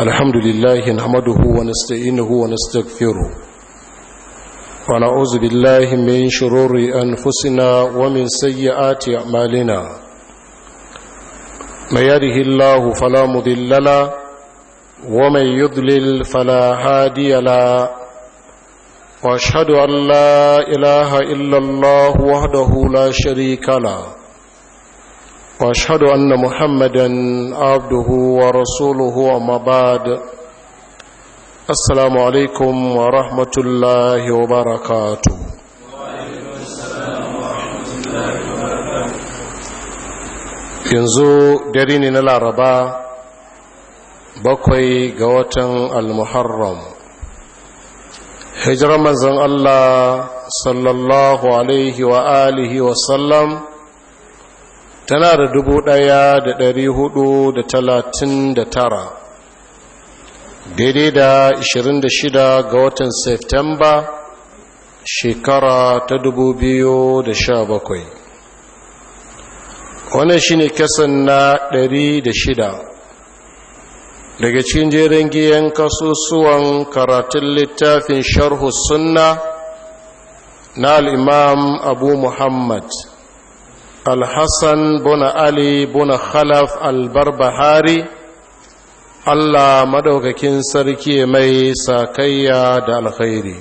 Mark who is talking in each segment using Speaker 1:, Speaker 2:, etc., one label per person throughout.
Speaker 1: الحمد لله نحمده ونستعينه ونستغفره ونعوذ بالله من شرور أنفسنا ومن سيئات أعمالنا من يده الله فلا مضل له ومن يضلل فلا هادي له واشهد أن لا إله إلا الله وحده لا شريك له واشهد ان محمدا عبده ورسوله وما بعد السلام عليكم ورحمه الله وبركاته yanzu dare ne na laraba bakwai ga watan almuharram hijirar manzan allah sallallahu alaihi wa alihi tana da dubu ɗaya da ɗari hudu da talatin da tara daidai da ishirin da shida ga watan Septemba shekara ta dubu biyu da sha bakwai. wannan shi ne kasan na ɗari da shida daga cikin jerin giyan kasusuwan karatun littafin sharhu sunna na al'imam abu muhammad alhassan buna ali buna khalaf albarbahari allah madaukakin sarki mai sakayya da alkhairi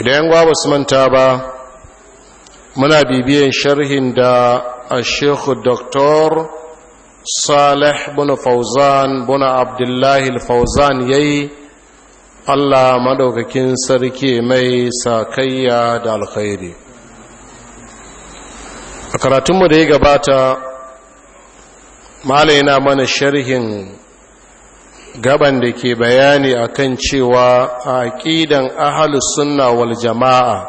Speaker 1: idan gwa basu manta ba muna bibiyan sharhin da a shekhu doktor salih buna fauzan buna abdullahi fauzan yayi Allah madaukakin sarki mai sakayya da alkhairi a karatunmu da ya gabata malai na mana sharhin gaban da ke bayani akan cewa a aƙidan ahalus sunna wal jama'a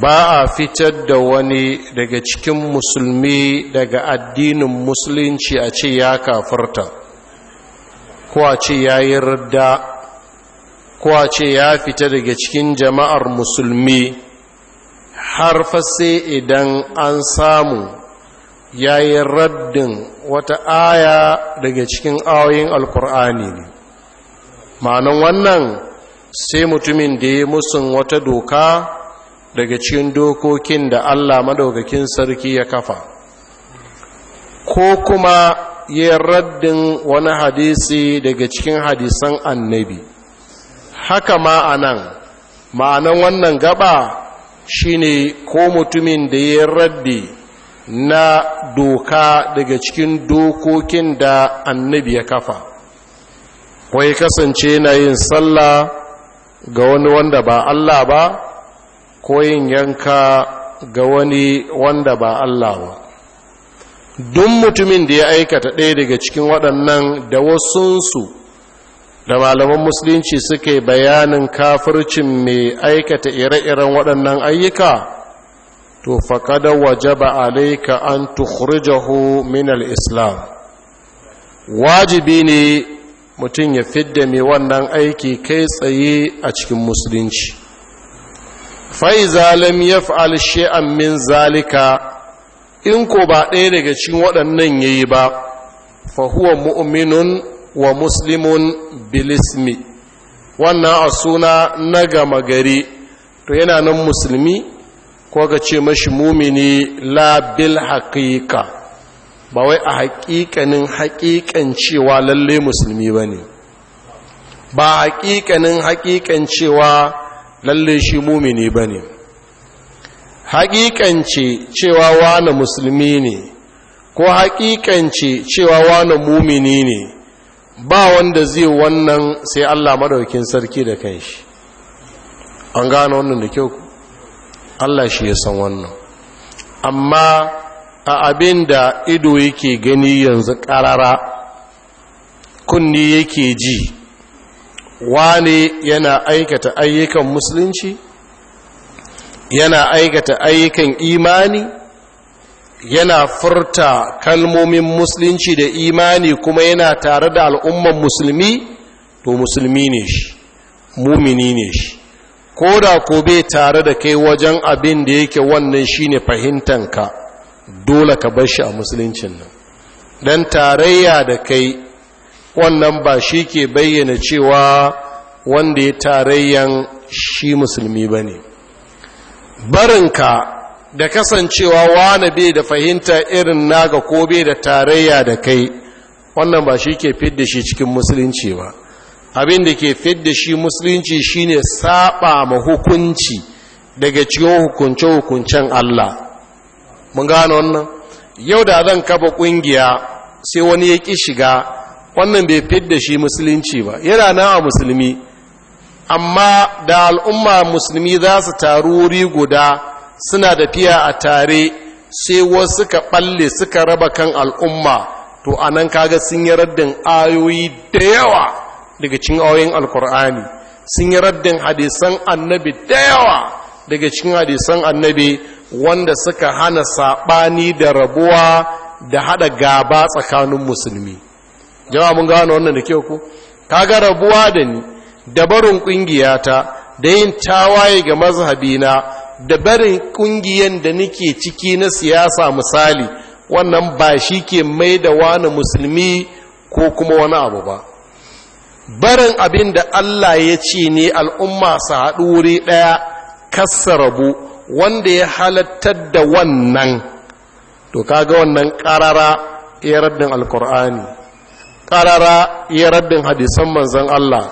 Speaker 1: ba a fitar da wani daga cikin musulmi daga addinin musulunci a ce ya kafarta, ko a ce ya yi radda, ko a ce ya fita daga cikin jama'ar musulmi har fa sai idan an samu yayi raddin wata aya daga cikin ayoyin alkur'ani ne ma'anan wannan sai mutumin da ya musun wata doka daga cikin dokokin da allah madaukakin sarki ya kafa ko kuma ya raddin wani hadisi daga cikin hadisan annabi haka ma anan ma'anan wannan gaba shine ko mutumin da ya raddi na doka daga cikin dokokin da annabi ya kafa ko ya kasance na yin sallah ga wani wanda ba Allah ba ko yin yanka ga wani wanda ba Allah ba duk mutumin da ya aikata ɗaya daga cikin waɗannan da wasunsu da malaman musulunci suke bayanin kafircin mai aikata ire-iren waɗannan ayyuka to faƙada wajaba alaika an tukhrijahu min al-islam wajibi ne mutum ya fidda mai wannan aiki kai tsaye a cikin musulunci Zalim ya yaf'al shay'an min zalika in ko ba ɗaya daga cikin waɗannan yayi ba fa huwa mu'minun wa muslimun bilismi wannan a suna na gama gari to yana nan musulmi ko ka ce mashi mumini la bil haƙiƙa ba wai a haƙiƙanin haƙiƙan cewa lalle musulmi ba ne ba haƙiƙanin haƙiƙan cewa lalle shi mumini ba ne haƙiƙance cewa wani musulmi ne ko haƙiƙance cewa wani mumini ne ba wanda zai wannan sai Allah madaukin sarki da kanshi an gano wannan da kyau Allah shi ya san wannan amma a abin da ido yake gani yanzu karara kunni yake ji wane yana aikata ayyukan musulunci yana aikata ayyukan imani yana furta kalmomin musulunci da imani kuma yana tare da al'umman musulmi to musulmi ne shi mumini ne shi ko da ko bai tare da kai wajen abin da yake wannan shine fahimtanka dole ka bar shi a musuluncin nan dan tarayya da kai wannan ba shi ke bayyana cewa wanda ya tarayyan shi musulmi ba ne barinka da kasancewa wani bai da fahimta irin naga ko bai da tarayya da kai wannan ba shi ke fidda shi cikin musulunci ba abin da ke fidda shi musulunci shine saba ma hukunci daga cikin hukunce-hukuncen Allah mun gano wannan yau da zan kafa kungiya sai wani ya ki shiga wannan bai fidda shi musulunci ba yana na a musulmi amma da al'umma musulmi za su taru wuri guda suna fiya a tare sai wasu ka balle suka raba kan al'umma to anan kaga sun yi raddin ayoyi da yawa daga cikin ayoyin alkur'ani sun yi raddin hadisan annabi da yawa daga cikin hadisan annabi wanda suka hana saɓani da rabuwa da haɗa gaba tsakanin musulmi jama'a mun gano wannan da kyau ku kaga rabuwa da ni da barin ƙungiyata da yin tawaye ga mazhabina da barin kungiyan da nake ciki na siyasa misali wannan ba shi ke mai da wani musulmi ko kuma wani abu ba barin abin da Allah ya ce ne al'umma su haɗu wuri ɗaya kasa rabu wanda ya halattar da wannan to kaga wannan ƙarara ya raddin alkur'ani ƙarara ya raddin hadisan manzan Allah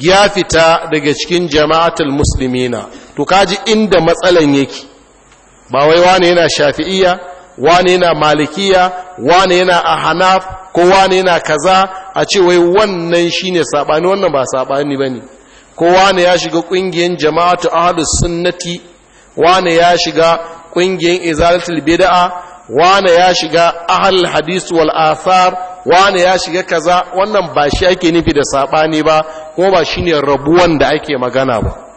Speaker 1: ya fita daga cikin jama'atul musulmina to kaji inda matsalan yake ba wai wane yana shafi'iyya wane yana malikiya wane yana ahanaf ko wane yana kaza a ce wai wannan shine sabani wannan ba sabani bane ko wane ya shiga kungiyen jama'atu ahlus sunnati wane ya shiga kungiyen izalatul bid'a wane ya shiga ahlul hadis wal athar wane ya shiga kaza wannan ba shi ake nufi da sabani ba ko ba shine rabuwan da ake magana ba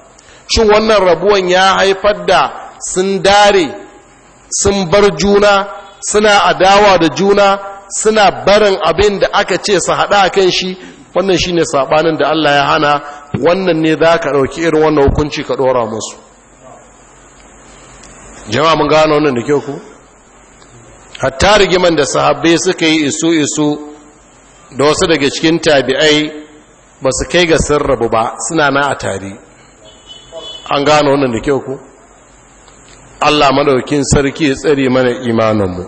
Speaker 1: shin wannan rabuwan ya haifar da sun dare sun bar juna suna adawa da juna suna barin abin da aka ce su haɗa a kan shi wannan shi ne saɓanin da Allah ya hana wannan ne za ka ɗauki irin wannan hukunci ka ɗora musu jama'a mun gano wannan da kyau ku hatta rigiman da sahabbai suka yi isu isu da wasu daga cikin tabi'ai ba su kai ga sun rabu ba suna na a tare an gano wannan da kyau ku Allah madaukin sarki ya tsare mana imaninmu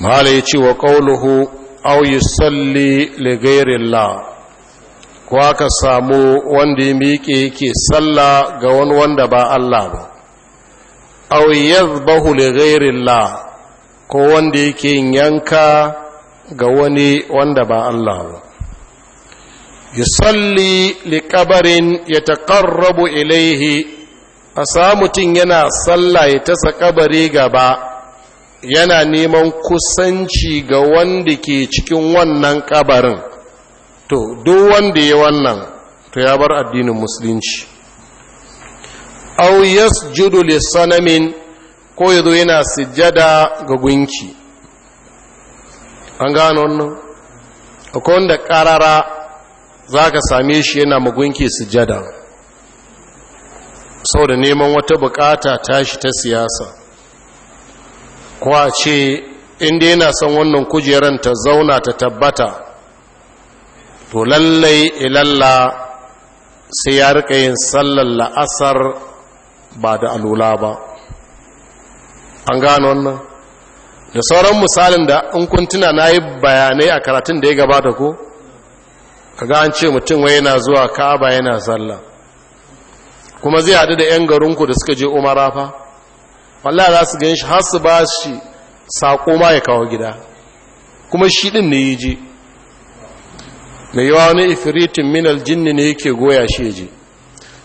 Speaker 1: mala ya ce wa ƙauluhu au yi salli ligairillah ko aka samu wanda ya miƙe yake salla ga wani wanda ba Allah ba au yadhbahu ligairillah ko wanda yake yanka ga wani wanda ba Allah ba yusalli li kabarin ya taƙarrabu ilaihi a samutin yana sallah ya tasa kabari gaba yana neman kusanci ga wanda ke cikin wannan kabarin to duk wanda ya wannan to ya bar addinin musulunci Auyas yasjudu li sanamin ko zo yana sijjada ga gunki an gano wannan akwai wanda karara za ka same shi yana magunki sujada sau da neman wata bukata tashi ta siyasa kuwa ce inda yana son wannan kujeran ta zauna ta tabbata to lallai ilalla sai ya rika yin sallar la'asar ba da alula ba an gano wannan da sauran misalin da in kuntuna na yi bayanai a karatun da ya gabata ko kaga an ce mutum wai yana zuwa ka'aba yana sallah kuma zai haɗu da 'yan garinku da suka je umara fa wallah za su gan shi har su ba shi saƙo ma ya kawo gida kuma shi ɗin ne yi ji mai yawa wani ifiritin minal jinni ne yake goya shi ya ji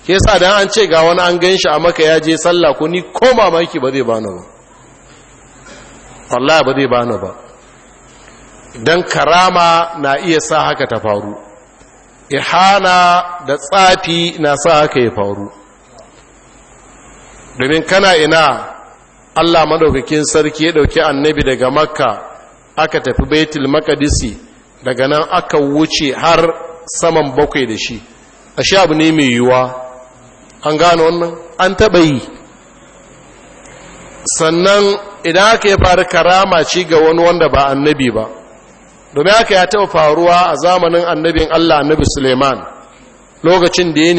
Speaker 1: ke sa da an ce ga wani an gan shi a maka ya je sallah ko ni ko mamaki ba zai bani ba wallah ba zai bani ba don karama na iya sa haka ta faru ihana da tsafi na sa aka ya faru domin kana ina Allah madaukakin sarki ya dauki annabi daga makka aka tafi baitul makadisi daga nan aka wuce har saman bakwai da shi ashe abu ne mai yiwuwa an gano wannan an taɓa yi sannan idan aka yi faru karama ci ga wani wanda ba annabi ba domin haka ya taɓa faruwa a zamanin annabin Allah annabi Suleiman lokacin da ya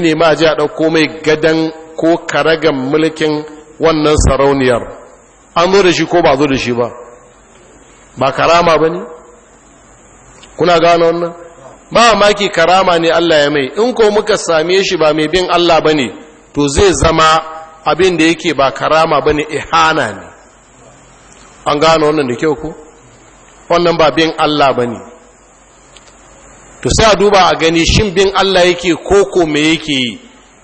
Speaker 1: nemi a ji a ɗauko mai gadan ko karagan mulkin wannan sarauniyar an zo da shi ko ba zo da shi ba ba karama ba ne kuna gano wannan ba maki karama ne Allah ya mai in ko muka same shi ba mai bin Allah ba ne to zai zama abin da yake ba karama ba ne ihana ne an gano wannan da kyau ko? wannan ba bin Allah ba ne to sai a duba a gani shin bin Allah yake koko me yake yi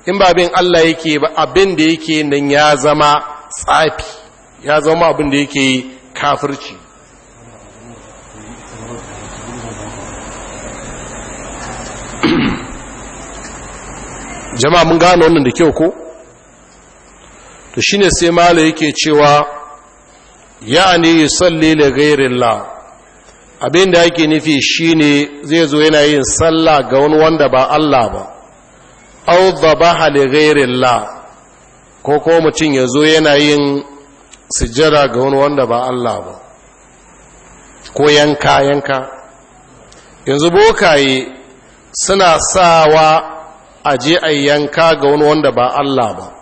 Speaker 1: in ba bin Allah yake ba abin da yake nan ya zama tsafi ya zama abin da yake yi kafirci jama'a mun gane wannan da kyau ko to shine sai mala yake cewa ya ya'ani yusalli li ghairillah abin da yake nufi shine zai zo yana yin sallah ga wani wanda ba Allah ba au dhabaha li ghairillah ko ko mutum ya zo yana yin sujjada ga wani wanda ba Allah ba ko yanka yanka yanzu bokaye suna sawa a je a yanka ga wani wanda ba Allah ba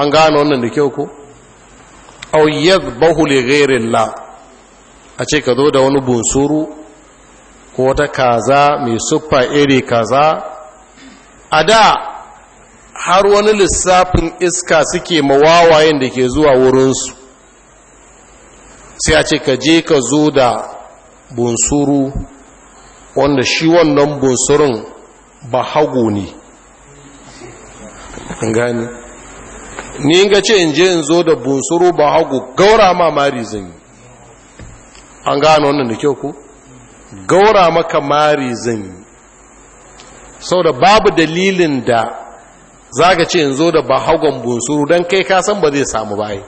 Speaker 1: an gano wannan da kyau ko au yadbahu li la. a ce ka zo da wani bunsuru ko wata kaza mai siffa iri kaza a da har wani lissafin iska suke mawawayen da ke zuwa wurinsu sai a ce ka je ka zo da bunsuru wanda shi wannan bunsurun ba hagu ne gani ni ga ce in je in zo da bunsuru ba hagu gaura ma mari an gano wannan da kyau ku gaura maka mari zan yi sau da babu dalilin da za ka ce yanzu da ba hagon bunsuru don kai kasan ba zai samu bayi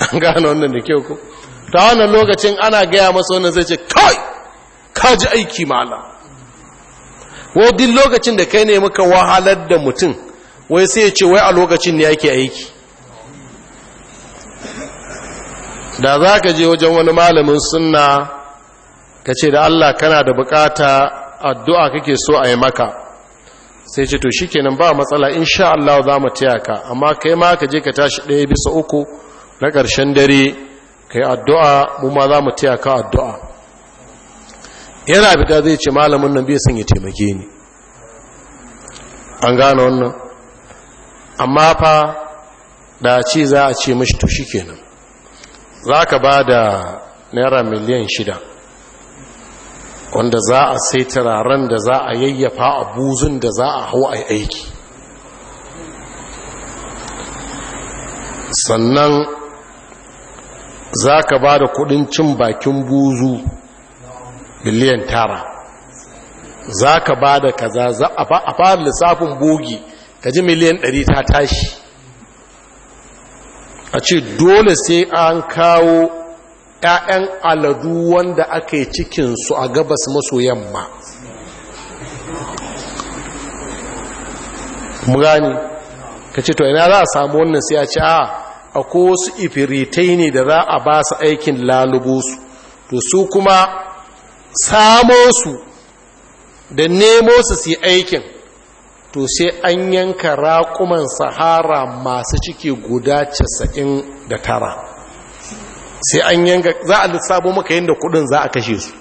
Speaker 1: an gano wannan da kyau ku ta wannan lokacin ana gaya masa wannan zai ce kai ka ji aiki mala wadin lokacin da kai ne muka wahalar da mutum wai sai ce wai a lokacin ne yake aiki da za ka je wajen wani malamin sunna ka ce da Allah kana da bukata addu'a kake so a yi maka sai ce to shi kenan ba matsala insha Allah za mu taya ka amma kai ma ka je ka tashi ɗaya bisa uku na ƙarshen dare ka yi addu'a mu ma za mu taya ka addu'a yana fita zai ce malamin nan bai sun yi taimake ni an gane wannan amma fa da ce za a ce mashi to shi kenan za ka ba da naira miliyan shida wanda za a sai turaren da za a yayyafa a buzun da za a hau a aiki sannan za ka ba da kudin cin bakin buzu miliyan tara za ka ba da kaza a fara lissafin bogi ka ji miliyan ɗari ta tashi a ce dole sai an kawo 'ya'yan aladu wanda aka yi cikinsu a gabas maso yamma mugani ka ce to ina za a samu wannan sai a ce a akwai wasu ifiritai ne da za a ba su aikin lalubu su to su kuma samo su da nemo su su yi aikin to sai an yanka raƙuman sahara masu ciki guda casa'in da tara sai an yanka za a lissabo maka da kudin za a kashe su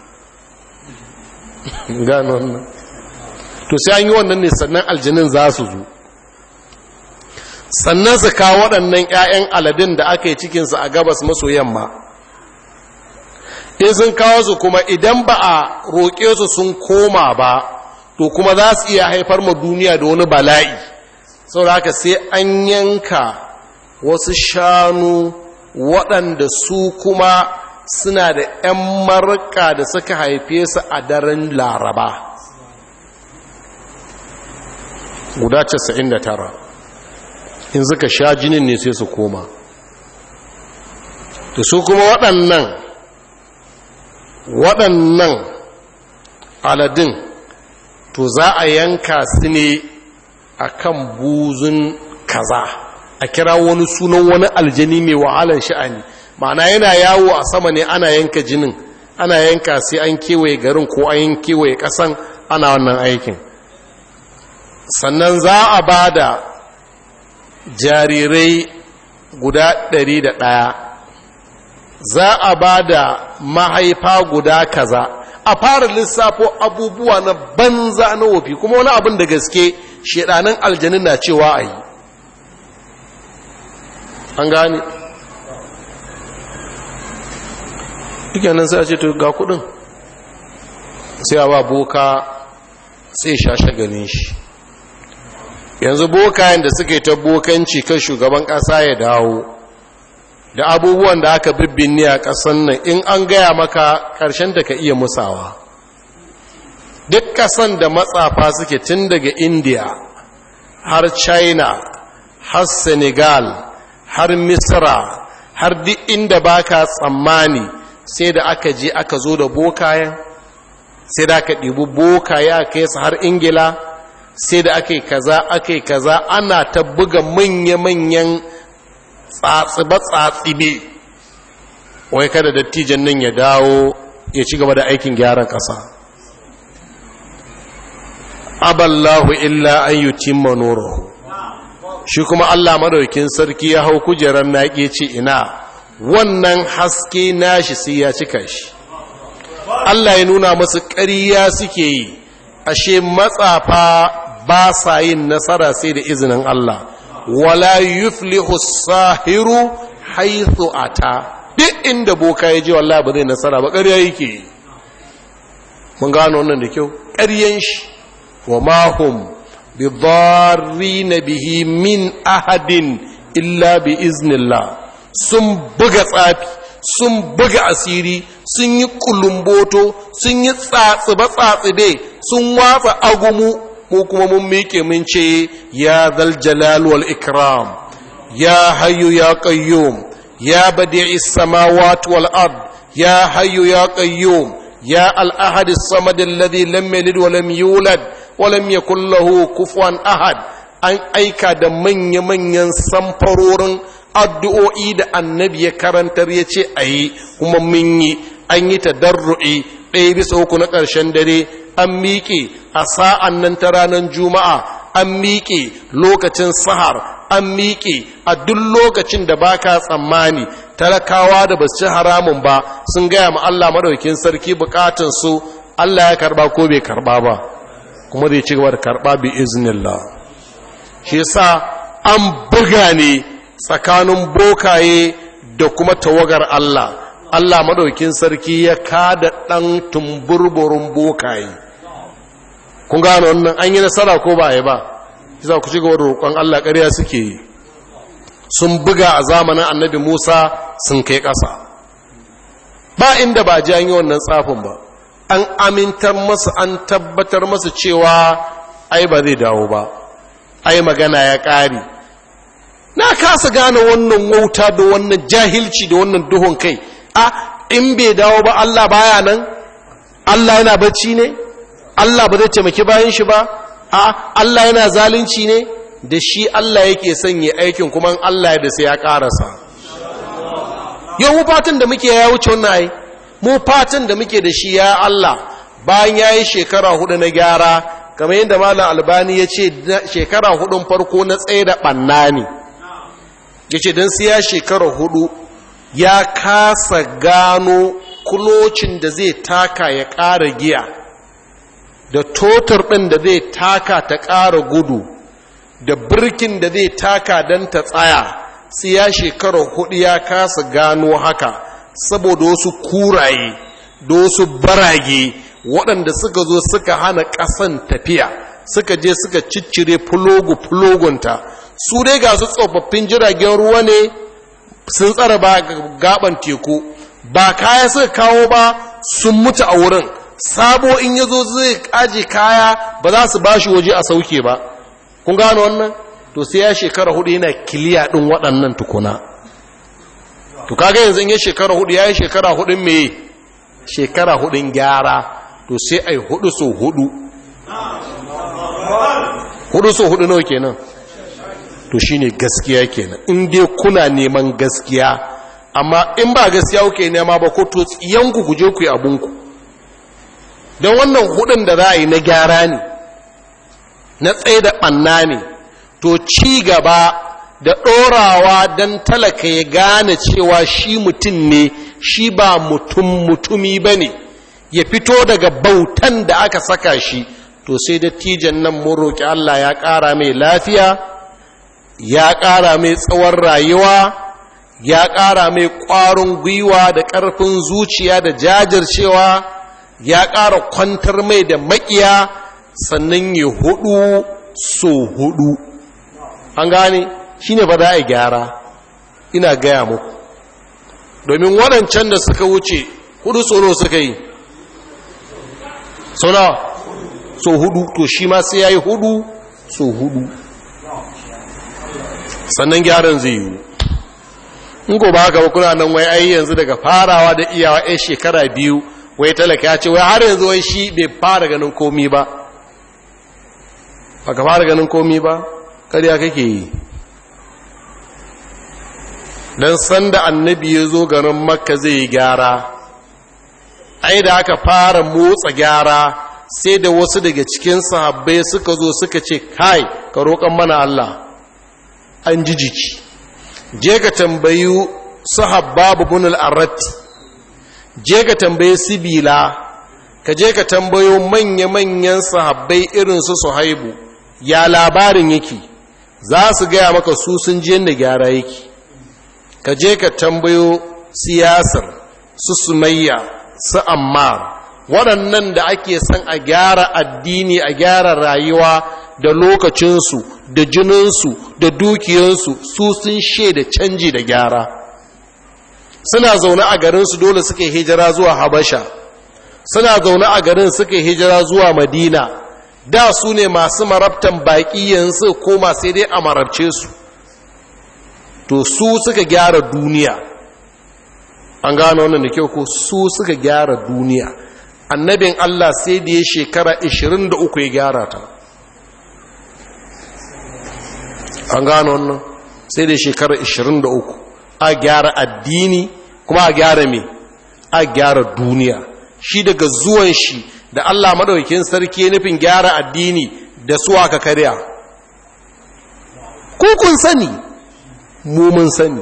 Speaker 1: gano wannan to sai an yi wannan ne sannan aljinin za su zo sannan su kawo waɗannan 'ya'yan aladin da aka yi cikinsu a gabas maso yamma in sun kawo su kuma idan ba a roƙe su sun koma ba to kuma za su iya haifar ma duniya da wani bala'i sau da haka sai an yanka wasu shanu waɗanda su kuma suna da 'yan marka da suka haife su a daren laraba guda da tara. in suka sha jinin ne sai su koma da su kuma waɗannan waɗannan aladin to za a yanka su ne a kan buzun kaza a kira wani sunan wani aljani mai wahalar sha'ani ma'ana yana yawo a sama ne ana yanka jinin ana yanka sai an kewaye garin ko an kewaye kasan ana wannan aikin sannan za a ba da jarirai guda ɗari da ɗaya za a ba da mahaifa guda kaza a fara lissafo abubuwa na banza na wofi kuma wani abin da gaske shedanin aljanin na cewa a yi an gane duka nan sai a ce to ga kudin sai a ba boka sai sha shagalin shi yanzu boka yadda suka yi ta bokanci kan shugaban kasa ya dawo da abubuwan da aka bibbinne a ƙasan nan in an gaya maka ƙarshen da ka iya musawa duk ƙasan da matsafa suke tun daga india har china har senegal har misra har duk inda baka tsammani sai da aka je aka zo da bokayen sai da aka ɗibi bokaye kai yi har ingila sai da aka yi kaza aka yi kaza ana ta buga manya-manyan tsatsibe-tsatsibe wai kada dattijan nan ya dawo ya ci gaba da aikin gyaran ƙasa aballahu illa an yi timma shi kuma allah maraukin sarki ya hau kujerar naƙe ce ina wannan haske nashi sai ya cika shi allah ya nuna masu ƙariya suke yi ashe matsafa ba sa yin nasara sai da izinin allah wala yuflihu sahiru haithu ata duk inda boka ya ji wallahi ba zai nasara ba ƙarya yake mun gano wannan da kyau ƙaryan shi wa mahum bi dharrina bihi min ahadin illa bi iznillah sun buga tsafi sun buga asiri sun yi kulumboto sun yi ba tsatsibe-tsatsibe sun watsa agumu ko kuma mun miƙe mun ce ya zal jalal wal ikram ya hayyu ya qayyum ya badi'is samawati wal ard ya hayyu ya qayyum ya al ahad as-samad alladhi lam yalid wa lam yulad wa lam yakul lahu kufuwan ahad an aika da manya manyan samfarorin addu'o'i da annabi ya karantar ya ce ayi kuma mun yi an yi tadarru'i ɗaya bisa uku na ƙarshen dare an miƙe a sa'an nan ta ranar juma'a an miƙe lokacin sahar an miƙe a duk lokacin da baka tsammani talakawa da basu ci haramun ba sun gaya ma Allah maɗaukin sarki buƙatunsu. su Allah ya karɓa ko bai karɓa ba kuma zai ci gaba da karba bi iznillah shi sa an buga ne tsakanin bokaye da kuma tawagar Allah Allah maɗaukin sarki ya kada ɗan tumburburun bokaye kun gano wannan an yi nasara ko ba yi ba za ku ci gaba da roƙon Allah ƙarya suke yi sun buga a zamanin annabi Musa sun kai ƙasa ba inda ba ji an yi wannan tsafin ba an amintar masu an tabbatar masu cewa ai ba zai dawo ba ai magana ya ƙari na kasa gane wannan wauta da wannan jahilci da wannan duhun kai a in bai dawo ba Allah baya nan Allah yana bacci ne Allah ba zai taimaki bayan shi ba a Allah yana zalunci ne da shi Allah yake sanya aikin kuma Allah da sai ya karasa yau mu fatan da muke ya wuce wannan ai mu fatan da muke da shi ya Allah bayan yayi shekara hudu na gyara kamar yadda malam albani ya ce shekara hudun farko na tsaye da banna ne ya ce don siya shekara hudu ya kasa gano kulocin da zai taka ya ƙara giya da totar ɗin da zai taka ta ƙara gudu da birkin da zai taka don ta tsaya sai ya shekara hudu ya kasa gano haka saboda wasu kuraye da wasu barage waɗanda suka zo suka hana ƙasan tafiya suka je suka ciccire fulogu-fulogunta su dai ga su tsofaffin jiragen ruwa ne sun tsara ba gaban teku ba kaya suka kawo ba sun mutu a wurin sabo in yazo zai aje kaya ba za su bashi waje a sauke ba kun gano wannan to sai ya shekara hudu yana kiliya ɗin waɗannan tukuna to kaga yanzu in ya shekara hudu ya yi shekara hudu mai shekara hudun gyara to sai ai hudu so hudu hudu so hudu nawa kenan to shine gaskiya kenan in dai kuna neman gaskiya amma in ba gaskiya kuke nema ba ko to tsiyanku ku je ku yi abunku don wannan hudun da za a yi na gyara ne na tsaye da ɓanna ne to ci gaba da ɗorawa don talaka ya gane cewa shi mutum ne shi ba mutum mutumi ba ne ya fito daga bautan da aka saka shi to sai dattijan nan mun roƙi Allah ya ƙara mai lafiya ya ƙara mai tsawon rayuwa ya ƙara mai ƙwarin gwiwa da ƙarfin zuciya da jajircewa ya ƙara kwantar mai da maƙiya sannan ya hudu so hudu an gane shi ne ba za a gyara ina gaya muku domin waɗancan da suka wuce hudu tsoro suka yi sau so hudu to shi ma sai ya yi hudu so hudu sannan gyaran zai yi in ko ba ka kuna nan wai ai yanzu daga farawa da iyawa ai shekara biyu wai talaka ya ce wai har yanzu wai shi bai fara ganin komi ba baka fara ganin komi ba kariya kake yi dan sanda annabi ya zo garin makka zai yi gyara ai da aka fara motsa gyara sai da wasu daga cikin sahabbai suka zo suka ce kai ka roƙon mana Allah an ji jiki je ka tambayi sahabbabu bunul arratti je ka tambayi sibila ka je ka tambayo manya-manyan sahabbai irin su suhaibu ya labarin yake za su gaya maka su sun je da gyara yake ka je ka tambayo siyasar su sumayya su ammar waɗannan da ake son a gyara addini a gyara rayuwa da lokacinsu da jininsu da dukiyansu su sun shaida canji da gyara suna zaune a garinsu dole suka hijira zuwa habasha suna zaune a garin suka hijira zuwa madina da su ne masu marabtan baƙi yanzu koma sai dai a marabce su to su suka gyara duniya an gano wannan da kyau ko su suka gyara duniya annabin allah sai da ya shekara 23 ya gyara ta an gano wannan sai da shekarar 23 a gyara addini kuma a gyara me a gyara duniya shi daga zuwan shi da Allah madaukakin sarki nufin gyara addini da su aka kariya. Kukun sani mu sani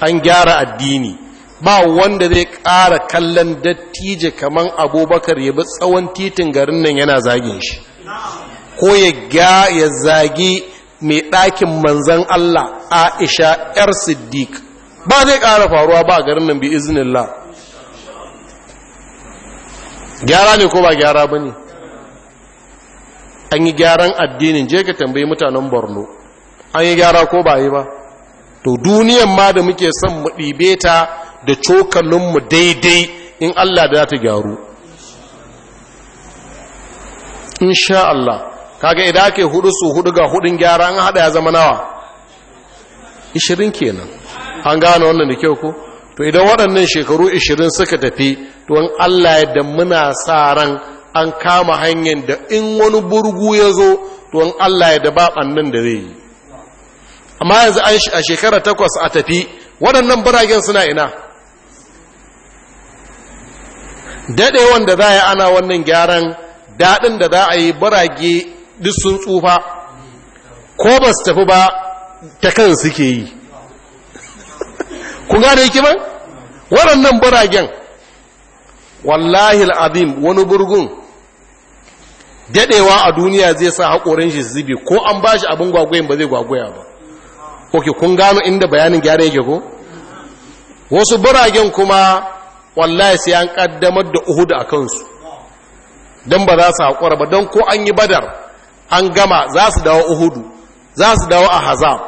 Speaker 1: an gyara addini ba wanda zai ƙara kallon dattije kamar abubakar ya bi tsawon titin garin nan yana zagin shi ko ya zagi mai ɗakin manzan Allah Aisha ‘yar Siddiq ba zai ƙara faruwa ba a garin nan bi Allah. gyara ne ko ba gyara ba ne an yi gyaran addinin je ka tambayi mutanen borno an yi gyara ko ba yi ba to duniyan ma da muke son mu ɗibe ta da cokalinmu daidai in Allah da ta gyaru insha Allah kaga idan ake hudu su hudu ga hudun gyara an hada ya zama nawa Ishirin kenan an gane wannan da kyau ko to idan waɗannan shekaru ishirin suka tafi to an Allah da muna sa ran an kama hanyar da in wani burgu ya zo to an Allah da ba da zai yi amma yanzu a shekara takwas a tafi waɗannan biragen suna ina daɗe wanda za a ana wannan gyaran daɗin da za a yi barage duk sun tsufa ko ba su tafi ba ta kan suke yi ku gane yake ba waɗannan baragen wallahi al'adim wani burgun daɗewa a duniya zai sa haƙorin shi zubi ko an ba shi abin gwagwayin ba zai gwagwaya ba ok kun gano inda bayanin gyara yake ko wasu biragen kuma wallahi sai an ƙaddamar da uhudu a kansu don ba za su haƙura ba don ko an yi badar an gama za su dawo uhudu za su dawo a hazam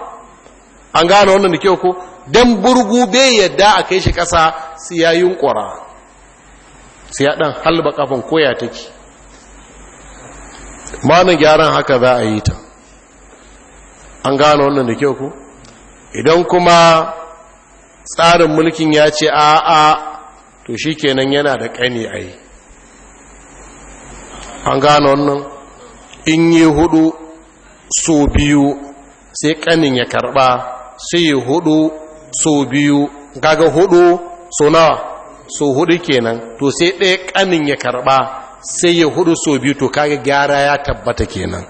Speaker 1: an gane wannan da kyau ko don burgu bai yadda a kai shi ƙasa su ya yunkura su ya ɗan halba ƙafin koya take manin gyaran haka za a yi ta an gane wannan da kyau ko idan kuma tsarin mulkin ya ce a a to shi kenan yana da ƙani a yi an gane wannan in yi hudu so biyu sai kanin ya karba sai yi hudu so biyu gaga hudu so nawa so hudu kenan to sai ɗaya kanin ya karba sai ya hudu so biyu to kaga gyara ya tabbata kenan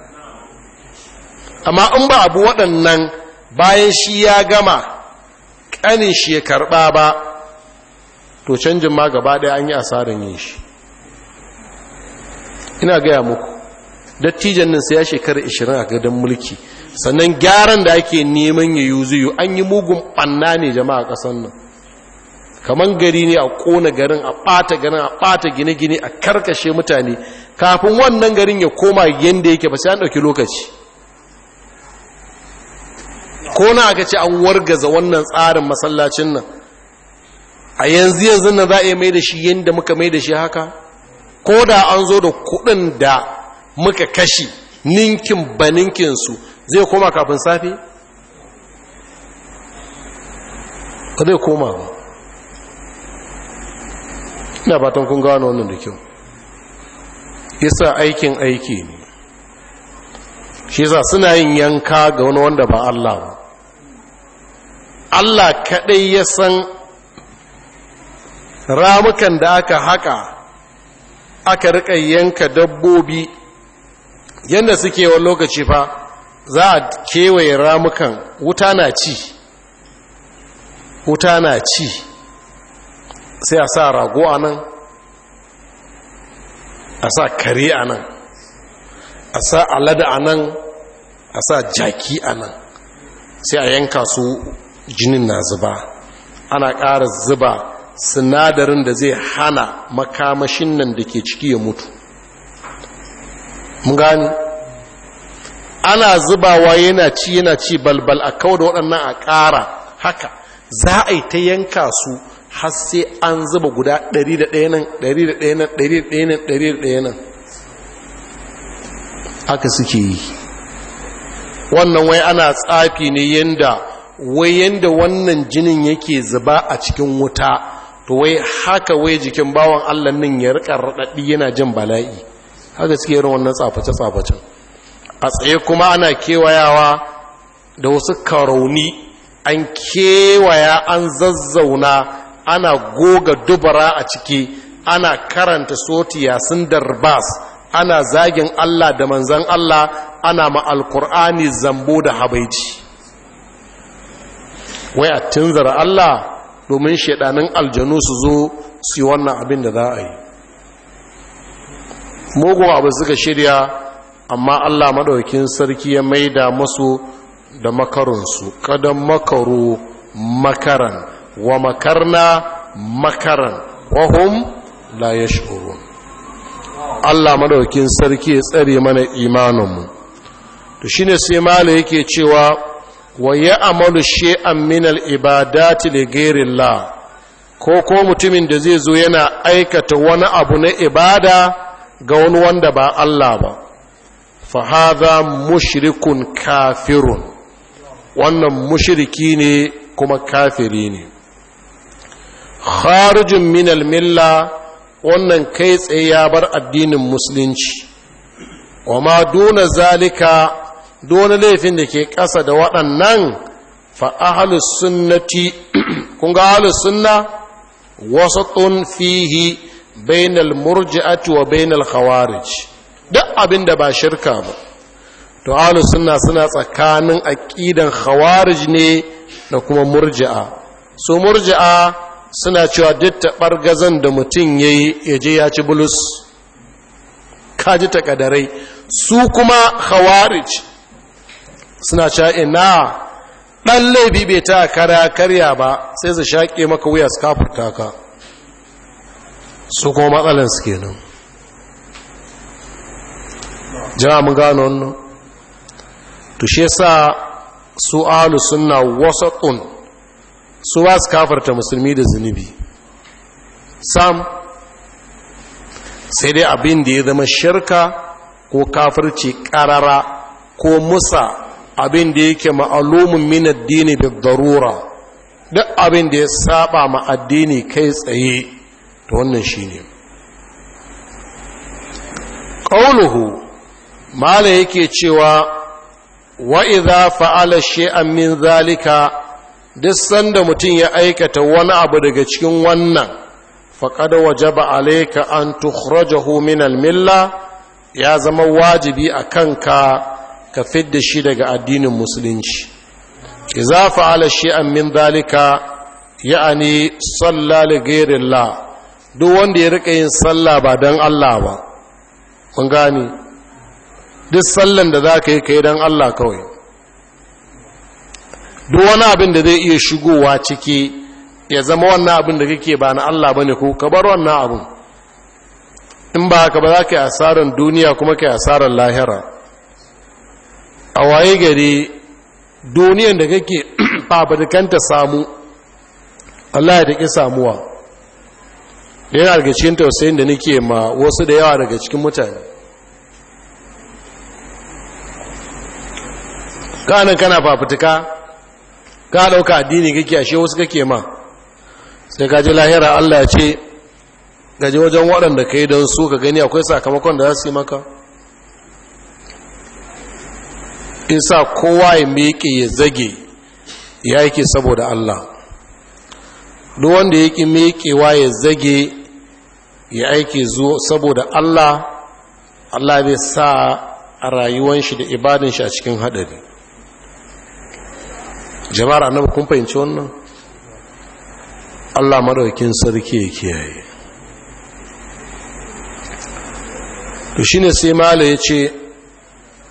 Speaker 1: amma in ba abu waɗannan bayan shi ya gama ƙanin shi ya karɓa ba to canjin ma gaba ɗaya an yi asarin yin shi ina gaya muku dattijan nan sai ya shekara 20 a gadon mulki sannan gyaran da ake neman ya yuzuyu an yi mugun ɓanna ne jama'a ƙasar nan Kamar gari ne a ƙona garin a ɓata garin a ɓata gine-gine a karkashe mutane kafin wannan garin ya koma yadda yake ba sai an ɗauki lokaci ko na aka ce an wargaza wannan tsarin masallacin nan a yanzu yanzu na za a yi mai da shi yadda muka mai da shi haka ko da an zo da kuɗin da muka kashi ninkin baninkinsu zai koma kafin safe? ba zai koma ba ina fatan kun gano wannan da kyau isa aikin aiki ne shi suna yin yanka ga wani wanda ba Allah ba Allah kaɗai ya san ramukan da aka haka aka riƙa yanka dabbobi yadda suke wani lokaci fa za a kewaye ramukan wuta na ci wuta na ci sai a sa rago a nan a sa kare a nan a sa alada a nan a sa jaki a nan sai a yanka su jinin na zuba ana ƙara zuba sinadarin da zai hana makamashin nan da ke ciki ya mutu mun gani ana zubawa yana ci yana ci balbal a kawo da waɗannan a ƙara haka za a yi ta yanka su har sai an zuba guda ɗaya nan ɗaya nan ɗaya nan ɗaya nan haka suke yi wannan wai ana tsafi ne yanda wai yanda wannan jinin yake zuba a cikin wuta to wai haka wai jikin bawan allah nan ya riƙa raɗaɗi yana jin bala'i haka suke irin wannan tsaface tsafacin a tsaye kuma ana kewayawa da wasu karauni an kewaya an zazzauna ana goga dubara a ciki ana karanta sotiya sun darbas ana zagin Allah da manzan Allah ana ma alkur'ani zambo da habaici wai a tunzara Allah domin shaɗanin aljanu su zo su yi wannan abin da za a yi mugun abu suka shirya amma allah maɗaukin sarki ya maida masu da makarunsu kadan makaru makaran wa makarna makaran wahum la ya allah maɗaukin sarki ya tsare mana imaninmu to shine sai mala yake cewa wa ya amalu she'an minal ibadati da gerillah ko ko mutumin da zai zo yana aikata wani abu na ibada ga wani wanda ba Allah ba fahaza mushrikun kafirun wannan mushriki ne kuma kafiri ne kharijin minal milla wannan kai tsaye ya bar addinin musulunci wa ma duna zalika dole laifin da ke ƙasa da waɗannan fa ahlus sunnati kun ga ahlus sunna wasatun fihi bainal murji'ati wa bainal khawarij duk abin da ba shirka ba to ahlus sunna suna tsakanin aqidan khawarij ne da kuma murji'a su murji'a suna cewa duk taɓar gazan da mutum yayi yaje ya ci bulus kaji takadarai su kuma khawarij suna cewa ina ɗan laifi bai ta kara karya ba sai su shake maka wuya su kafurta ka su kuma matsalin su ke nan mun gano wannan to shi su suna sunna wasatun su ba su kafarta musulmi da zunubi sam sai dai abin da ya zama shirka ko kafarci karara ko musa abin da yake ma'alumin min addini bi darura duk abin da ya saba ma addini kai tsaye ta wannan shi ne ƙaunuhu mala yake cewa wa'iza fa'ala she'an min zalika duk sanda mutum ya aikata wani abu daga cikin wannan faƙada waje ba alaika an tukhrajahu min almilla ya zama wajibi a kanka ka fidda shi daga addinin musulunci iza fa'ala she'an min zalika ya'ani sallali gairin la' duk wanda ya rika yin sallah ba don Allah ba mun gani duk sallan da za ka yi ka yi don Allah kawai duk wani abin da zai iya shigowa ciki ya zama wannan abin da kake ba na Allah ba ne ko ka bar wannan abin in ba haka ba za ka yi asarar duniya kuma ka yi asarar lahira a waye gari duniyan da kake fafatikanta samu Allah ya taƙi samuwa yana daga cikin tausayin da nake ma wasu da yawa daga cikin mutane kanan kana fafutuka ka ɗauka addini kake ashe wasu kake ma sai ka ji lahira Allah ce gaji wajen waɗanda ka yi don su ka gani akwai sakamakon da za su yi maka isa kowa ya miƙe ya zage ya yake saboda Allah duk wanda yake miƙewa ya zage ya aiki zuwa saboda Allah Allah bai sa a rayuwan shi da ibadin shi a cikin hadari jama'ar annabi kun fahimci wannan Allah madaukin sarki ya kiyaye to shine sai mala ya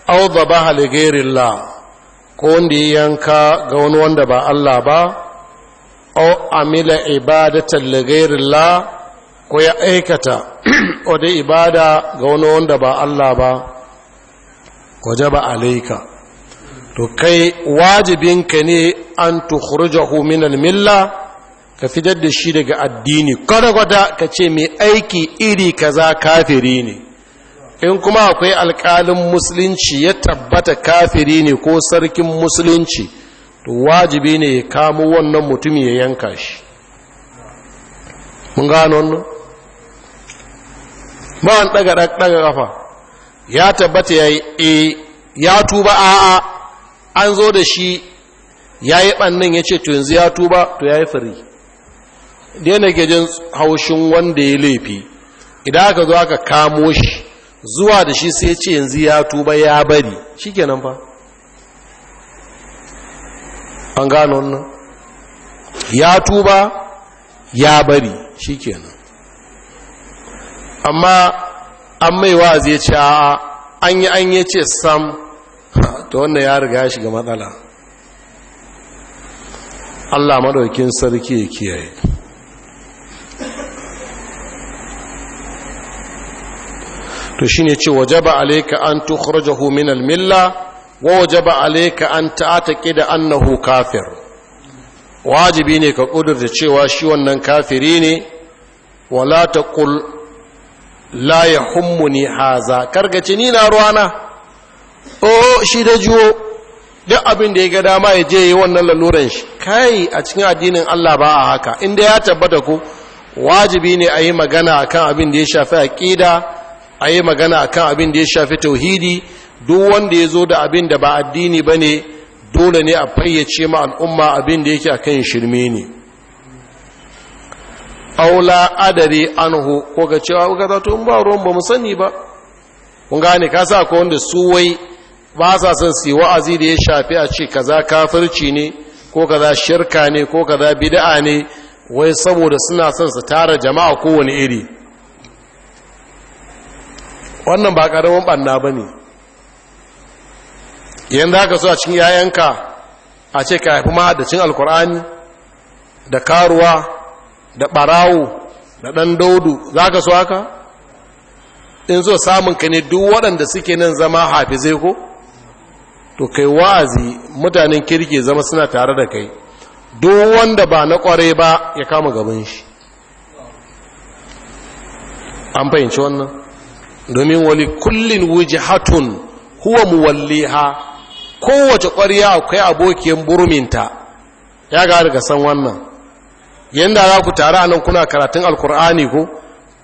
Speaker 1: aw dhabaha li ghairillah ko wanda ya yanka ga wani wanda ba Allah ba aw amila ibadatan li ghairillah ko ya aikata wada ibada ga wani wanda ba Allah ba waje ba alaika to kai wajibinka ne an tukhrujahu min al-milla ka fitar da shi daga addini kwata-kwata ka ce mai aiki iri kaza kafiri ne in kuma akwai alkalin musulunci ya tabbata kafiri ne ko sarkin musulunci to wajibi ne ya kamo wannan mutum ya yanka shi mun gano wannan ba an daga daga kafa ya tabbata yayi eh ya tuba a an zo da shi yayi bannin yace to yanzu ya tuba to yayi fari da yana gajin haushin wanda ya laifi idan aka zo aka kamo shi zuwa da shi sai ce yanzu ya tuba ya bari shikenan fa an gano wannan ya tuba ya bari shikenan amma an mai wazi ya ce a an yi ce sam ta wannan ya riga shi ga matsala allah maɗaukin sarki ya kiyaye to shi ne ce waje ba alaika an tukhrajahu min almilla wa ba alaika an ta'ataqi da annahu kafir wajibi ne ka da cewa shi wannan kafiri ne wala ta la ya hummuni haza karkace ni na ruwana oh shi da juwo duk abin da ya ga dama ya je yi wannan laluran shi kai a cikin addinin Allah ba a haka inda ya tabbata ko wajibi ne a yi magana a kan abin da ya shafi ƙida, a yi magana a kan abin da ya shafi tauhidi duk wanda ya zo da abin da ba addini ba ne dole ne a fayyace ma al'umma abin da yake akan shirme ne aula adari anhu ko ga cewa ga zato in ba ruwan ba mu sani ba kun gane ka sa ko wanda su wai ba sa son su wa'azi da ya shafi a ce kaza kafirci ne ko kaza shirka ne ko kaza bid'a ne wai saboda suna son su tara jama'a kowane iri wannan ba karamin banna bane yanzu aka so a cikin yayanka a ce ka haifi mahadacin alkur'ani da karuwa da ɓarawo da ɗan daudu za ka so haka in so samun ka ne duk waɗanda suke nan zama hafizai ko to kai wa'azi mutanen kirki zama suna tare da kai duk wanda ba na ƙware ba ya kama gaban shi an fahimci wannan domin wani kullin wujihatun huwa ha, kowace ƙwariya akwai abokin burminta ya ga daga san wannan yanda za ku tare nan kuna karatun alkur'ani ko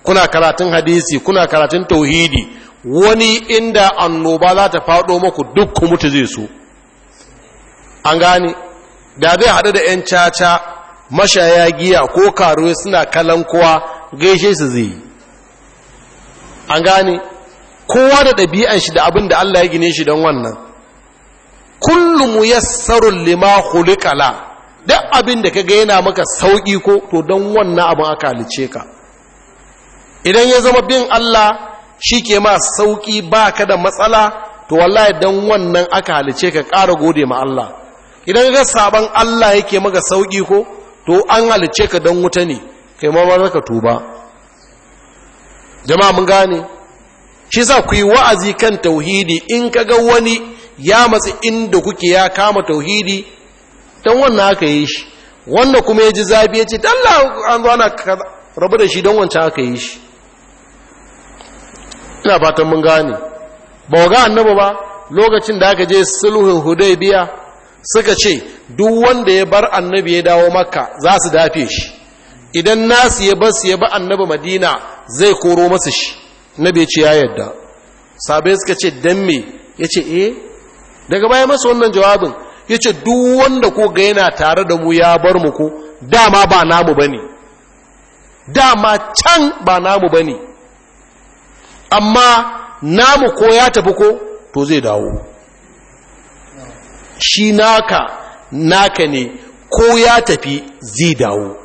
Speaker 1: kuna karatun hadisi kuna karatun tauhidi wani inda annoba za ta faɗo maku duk ku mutu zai so an gane da zai haɗu da 'yan caca mashaya giya ko karuwa suna kalan kowa gaishe su zai yi an gane kowa da ɗabi'an shi da abin da Allah ya gine shi don wannan kullum yassarun lima kala. duk abin da ga yana maka sauki ko to don wannan abin aka halice ka idan ya zama bin Allah shi ke ma sauƙi ba ka da matsala to wallahi don wannan aka halice ka ƙara gode ma Allah idan ga sabon Allah yake maka sauki ko to an halice ka don wuta ne kai ma ba ka tuba jama'a mun gane shi sa ku yi wa'azi kan tauhidi in ka ga wani ya matsi inda kuke ya kama tauhidi don wannan aka yi shi wanda kuma ya ji zafi ya ce dalla an zo ana rabu da shi don wancan aka yi shi ina fatan mun gane ba wa ga annabi ba lokacin da aka je sulhun hudaibiya suka ce duk wanda ya bar annabi ya dawo makka za su dafe shi idan nasu ya bar su ya ba annabi madina zai koro masa shi Annabi ya ce ya yadda sabai suka ce dan me ya ce eh daga baya masa wannan jawabin ya ce duk wanda ko ga yana tare da mu ya bar mu ko dama ba namu ba ne dama can ba namu ba ne amma namu ko ya tafi ko to zai dawo shi naka naka ne ko ya tafi zai dawo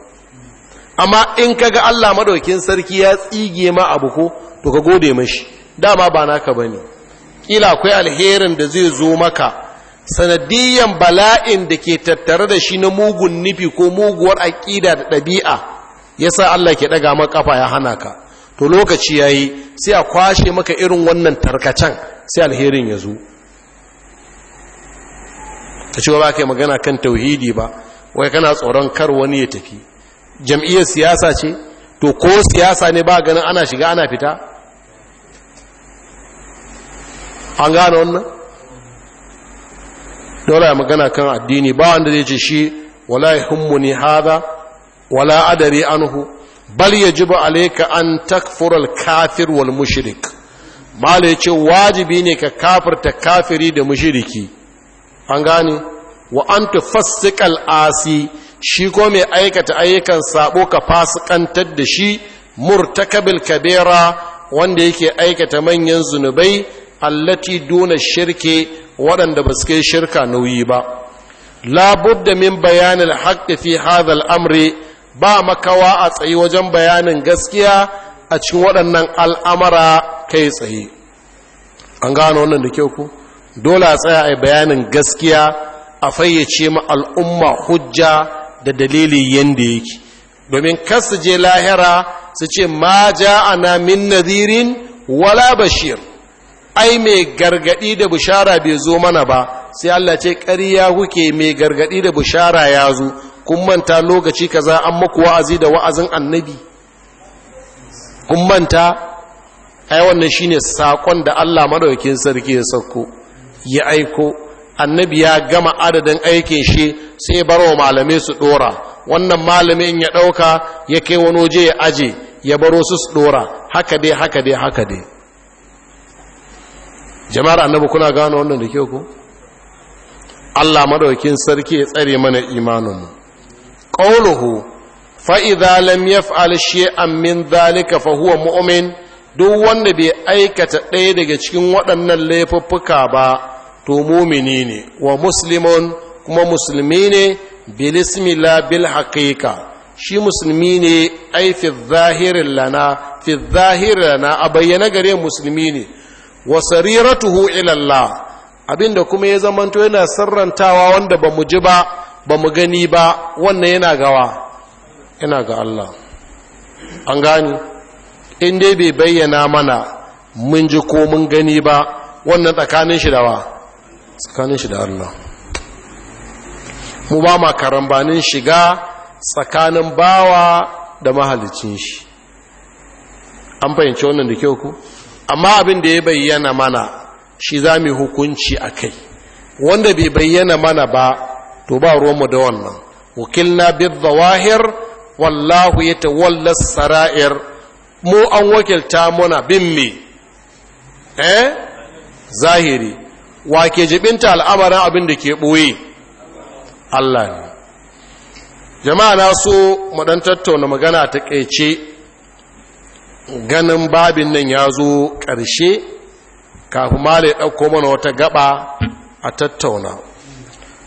Speaker 1: amma in kaga Allah madaukin sarki ya tsige ma abu ko to ka gode mashi dama ba naka ba ne, kila akwai alherin da zai zo maka Sanadiyyan bala'in da ke tattare da shi na mugun nufi ko muguwar aƙida da ɗabi'a ya sa Allah ke ɗaga makafa ya hana ka to lokaci ya yi sai a kwashe maka irin wannan tarkacen sai alherin ya zo ta ce ba ka yi magana kan tauhidi ba wai kana tsoron kar wani ya tafi jam'iyyar siyasa ce to ko siyasa ne ba ganin ana shiga ana fita an gane wannan dole magana kan addini ba wanda zai ce shi wala yuhimmuni hadha wala adari anhu bal yajibu alayka an takfura al-kafir wal mushrik mala yace wajibi ne ka kafirta kafiri da mushriki an gane wa an tufassiqa asi shi ko mai aikata ayyukan sabo ka fasikantar da shi murtakabil kabira wanda yake aikata manyan zunubai allati duna shirke waɗanda ba su kai shirka nauyi ba labudda min bayanin haƙƙi fi hadal amri ba makawa a tsayi wajen bayanin gaskiya a cikin waɗannan al'amara kai tsaye an gano wannan da kyau ku dole a tsaya a bayanin gaskiya a fayyace ma al'umma hujja da dalili yadda yake domin kasu je lahira su ce ma ja'ana min nadirin wala bashir ai mai gargadi da bushara bai zo mana ba sai Allah ce ƙarya kuke mai gargadi da bushara ya zo kun manta lokaci kaza an muku wa'azi da wa'azin annabi kun manta ai wannan shine sakon da Allah madaukakin sarki ya sako ya aiko annabi ya gama adadin aikin shi sai barwa malamai su dora wannan malamin ya dauka ya kai wani waje ya aje ya baro su su dora haka dai haka dai haka dai jama'ar annabi kuna gano wannan da ke ku? Allah madaukin sarki ya tsare mana imaninmu Ƙauluhu, fa idza lam yaf'al shay'an min dhalika fa huwa mu'min duk wanda bai aikata ɗaya daga cikin waɗannan laifuffuka ba to mumini ne wa muslimun kuma musulmi ne bilismila bil haqiqa shi musulmi ne ai fi zahirin lana fi zahirin lana a bayyana gare musulmi ne wa sariratuhu ila Allah abinda kuma ya zamanto yana sarrantawa wanda ba mu ji ba ba mu gani ba wannan yana gawa yana ga Allah an gani in dai bai bayyana mana mun ji ko mun gani ba wannan tsakanin shi da wa tsakanin shi da Allah mu ba ma karambanin shiga tsakanin bawa da mahalicin shi an fahimci wannan da kyau ku amma abin da ya bayyana mana shi za mu hukunci a kai wanda bai bayyana mana ba to ba ruwanmu da wannan wakilna bid zawahir wallahu ya tawalla sara'ir mu an wakilta muna bin me eh zahiri wa ke jibinta al'amarin abin da ke ɓoye Allah ne jama'a na so mu ɗan tattauna magana ta ƙaice ganin babin nan ya zo ƙarshe kafin ma ya ɗauko mana wata gaba a tattauna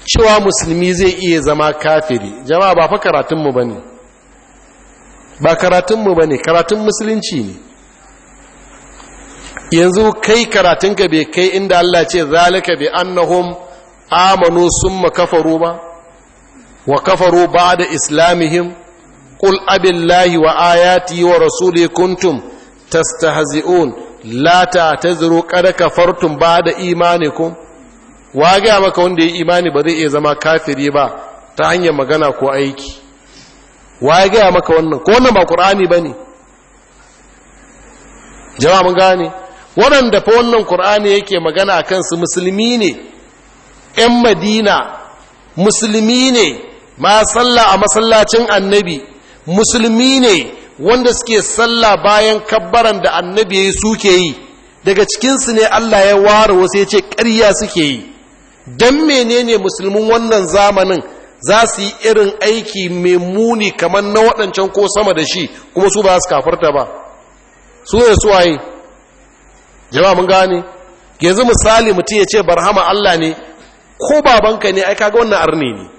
Speaker 1: cewa musulmi zai iya zama kafiri jama'a ba fa karatunmu ba ne ba karatunmu ba ne karatun musulunci ne yanzu kai karatunka bai kai inda Allah ce zalika bi annahum amanu summa kafaru ba wa kafaru ba da islamihim قل أب الله وآياته ورسوله كنتم تستهزئون لا تعتذروا قد كفرتم بعد إيمانكم واغا ما كون دي ايماني بزي اي زما كافري با wannan ko wannan ba qur'ani bane jama mun gane wannan fa wannan qur'ani yake magana akan su muslimi ne ɗan madina musulmi ne ma a masallacin annabi musulmi ne wanda suke sallah bayan kabbaran da annabi yayi suke yi daga cikinsu ne Allah ya ware wasu ya ce ƙarya suke yi don menene musulmin wannan zamanin za su yi irin aiki mai muni kamar na waɗancan ko sama da shi kuma su ba su kafarta ba su ne su waye jama mun gane yanzu misali mutum ya ce barhama Allah ne ko babanka ne ai kaga wannan arne ne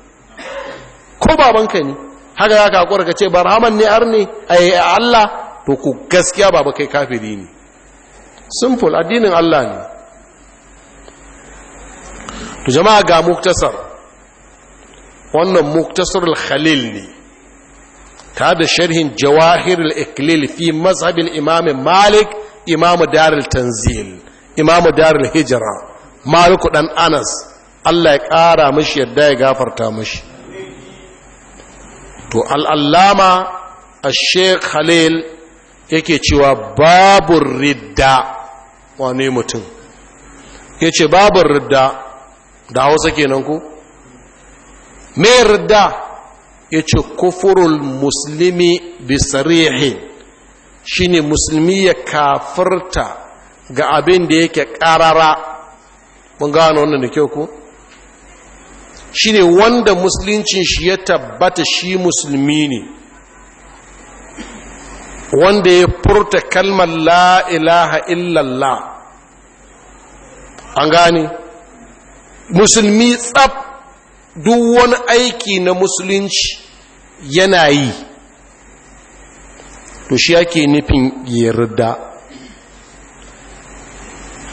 Speaker 1: ko babanka ne haka za ka haƙura ka ce barhaman ne arni a yi Allah to ku gaskiya ba kai kafiri ne simple addinin Allah ne to jama'a ga muktasar wannan muktasar khalil ne ta da sharhin jawahir al-iklil fi mazhabin imam malik imam darul tanzil imam darul hijra maliku dan anas Allah ya ƙara mashi yadda ya gafarta mashi to al'allama a sheikh khalil yake cewa babu ridda wani mutum ya ce babu ridda da hausa kenan ku mai ridda ya ce kufurul musulmi bisarihi shi ne musulmi ya kafirta ga abin da yake karara mun gano wannan da kyau ku? shine wanda musuluncin shi ya tabbata shi musulmi ne wanda ya furta kalmar la ilaha illallah an gane musulmi tsab duk wani aiki na musulunci yana yi to shi ake nufin yarda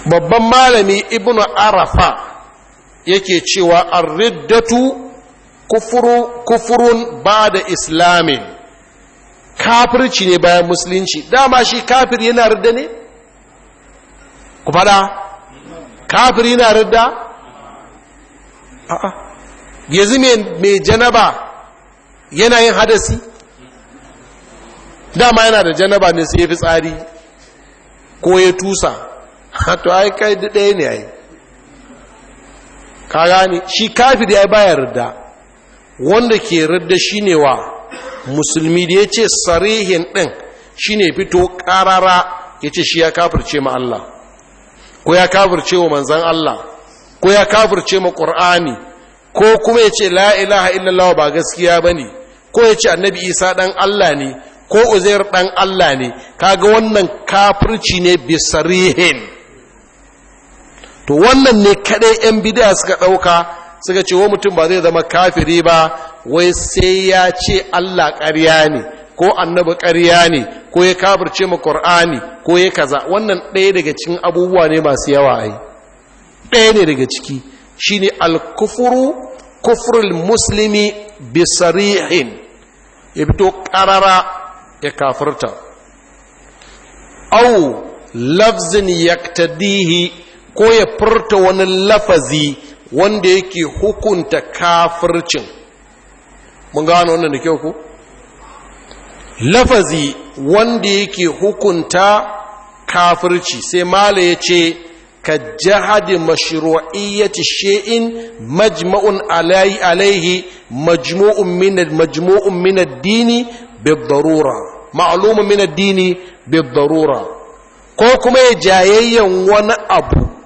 Speaker 1: babban malami ibnu arafa yake cewa arriddatu kufurun ba da islamin kafirci ne bayan musulunci dama shi kafir yana ridda ne? ku fada kafir yana ridda? a'a yanzu mai janaba yana yin hadasi? dama yana da janaba ne sai ya fi tsari ko ya tusa to ai kai ɗaya ne ai ka gane shi da ya baya rida wanda ke shi shine wa musulmi da ya ce sarihin ɗin shine fito ƙarara ya ce shi ya kafirce ma Allah ko ya kafirce wa manzan Allah ko ya kafirce ma ƙur'ani ko kuma ya ce la ilaha illallah ba gaskiya ba ne ko ya ce annabi isa ɗan Allah ne ko uzair ɗan Allah ne kaga wannan kafirci ne bisarihin to wannan ne kaɗai 'yan bid'a suka ɗauka suka ce wa mutum ba zai zama kafiri ba wai sai ya ce allah ƙarya ne ko annabi ƙarya ne ko ya kafirce ma ƙur'ani ko ya kaza wannan ɗaya daga cikin abubuwa ne masu yawa ai ɗaya ne daga ciki shine alkufuru kufrul muslimi bisarihin ya fito ƙarara ya kafirta au lafzin yaktadihi ko ya furta wani lafazi wanda yake hukunta kafircin mun gano wannan da kyau ku lafazi wanda yake hukunta kafirci sai mala ya ce ka jahadi mashru'iyyati she'in majma'un alai alaihi majmu'un minad majmu'un min dini bid-darura ma'lumun min dini bid ko kuma ya jayayyan wani abu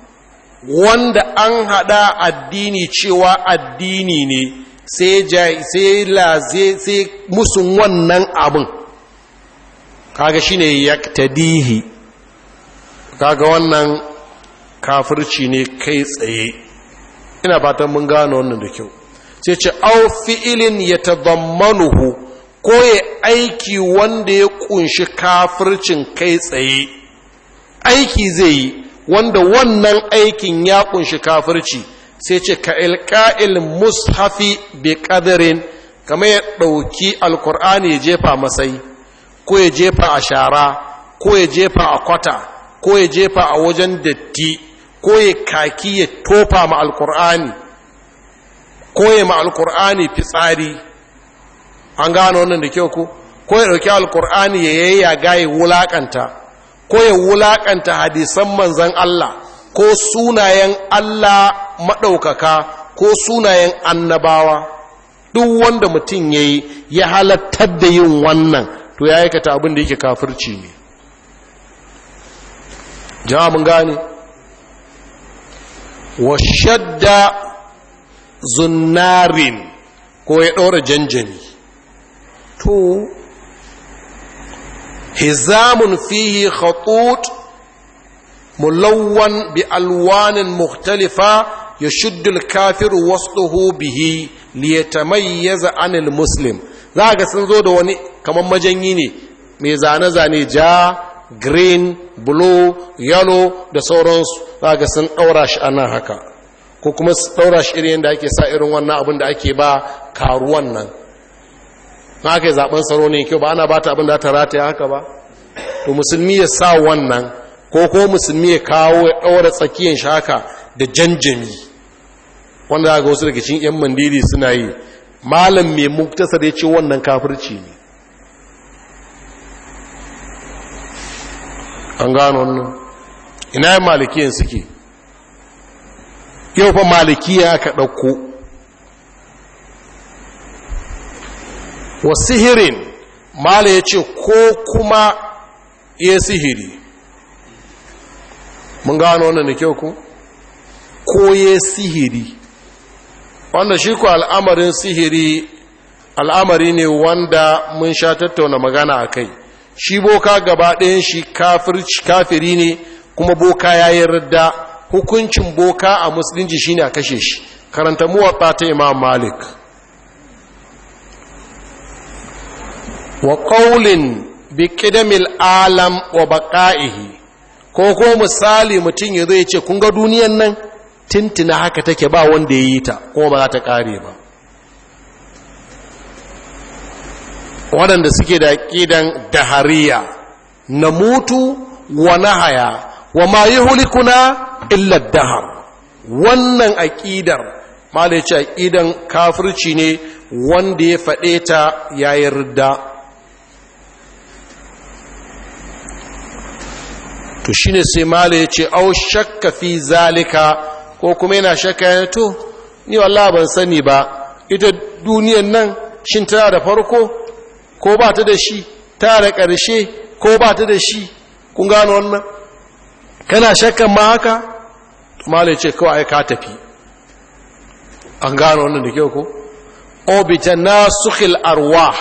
Speaker 1: wanda an haɗa addini cewa addini ne sai laze sai musun wannan abin kaga shi ne yaktadihi kaga wannan kafirci ne kai tsaye ina fatan mun gano wannan da kyau sai ce au fi'ilin yatadammanuhu ko ya aiki wanda ya kunshi kafircin kai tsaye aiki zai yi wanda wannan aikin ya kunshi kafirci sai ce ka ilka'il mushafi bi ƙadarin kamar ya ɗauki alkur'ani ya jefa masai ko ya jefa a shara ko ya jefa a kwata ko ya jefa a wajen datti ko ya kaki ya tofa ma alkur'ani ko ya ma alkur'ani fitsari an gano wannan da kyau ko ko ya ɗauki alkur'ani ya yayyaga ya wulaƙanta ko ya wulaƙanta hadisan manzan Allah ko sunayen Allah maɗaukaka ko sunayen annabawa duk wanda mutum ya yi ya halattar da yin wannan to ya aikata abin da yake kafirci ne jama'a mun gane wa shadda ko ya ɗora janjani to hizamun fihi khatut mulawwan bi alwanin mukhtalifa yashuddu al-kafiru wasduhu bihi liyatamayyaza anil muslim za ga sun zo da wani kamar majanyi ne mai zane-zane ja green blue yellow da sauransu za ga sun ɗaura shi a haka ko kuma su ɗaura shi irin da ake sa irin wannan abin da ake ba karuwan nan na aka yi zaben tsaro ne kyau ba ana ba ta abin da ta rataya haka ba to musulmi ya sa wannan ko ko musulmi ya kawo ya ɗaura tsakiyar shaka da janjami wanda ga wasu daga cikin 'yan mandiri suna yi malam mai muktasa da ya ce wannan kafirci ne an gano wannan ina yin malikiyar suke yau fa malikiya aka ɗauko wa sihirin mala ya ce ko kuma ya sihiri mun gano wannan da kyau ku ko ya sihiri wanda shi ku al'amarin sihiri al'amari ne wanda mun sha tattauna magana a kai shi boka gaba ɗayan shi kafiri ne kuma boka ya yi radda hukuncin boka a musulunci shine a kashe shi karanta muwatta ta imam malik wa ƙaulin bi ƙidamil alam wa baƙa'ihi ko ko misali mutum ya zai ce kun ga duniyar nan tintina haka take ba wanda ya yi ta kuma ba za ta ƙare ba waɗanda suke da ƙidan dahariya na mutu wa nahaya wa ma yi hulikuna illa dahar wannan aƙidar malice aƙidan kafirci ne wanda ya faɗe ta ya ridda to shine sai mala ya ce au shakka fi zalika ko kuma yana shakka ya to ni wallahi ban sani ba ita duniyan nan shin tana da farko ko ba ta da shi ta da ƙarshe ko ba ta da shi kun gano wannan kana shakkan ma haka mala ya ce kawai ka tafi an gano wannan da kyau ko obita nasukhil arwah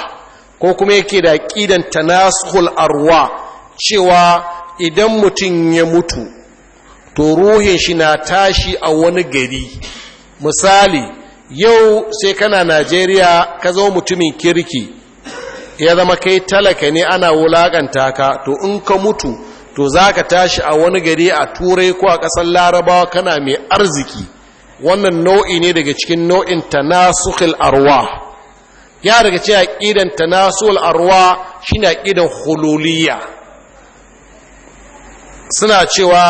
Speaker 1: ko kuma yake da aqidan tanasukhul arwah cewa idan mutum ya mutu to ruhin shi na tashi a wani gari misali yau sai kana najeriya ka zo mutumin kirki ya zama kai talaka ne ana wulaƙanta ka to in ka mutu to za ka tashi a wani gari a turai ko a ƙasar larabawa kana mai arziki wannan nau'i ne daga cikin nau'in tanasukul arwa ya daga ce aƙidan tanasukul arwa shi shine ƙidan hululiyya suna cewa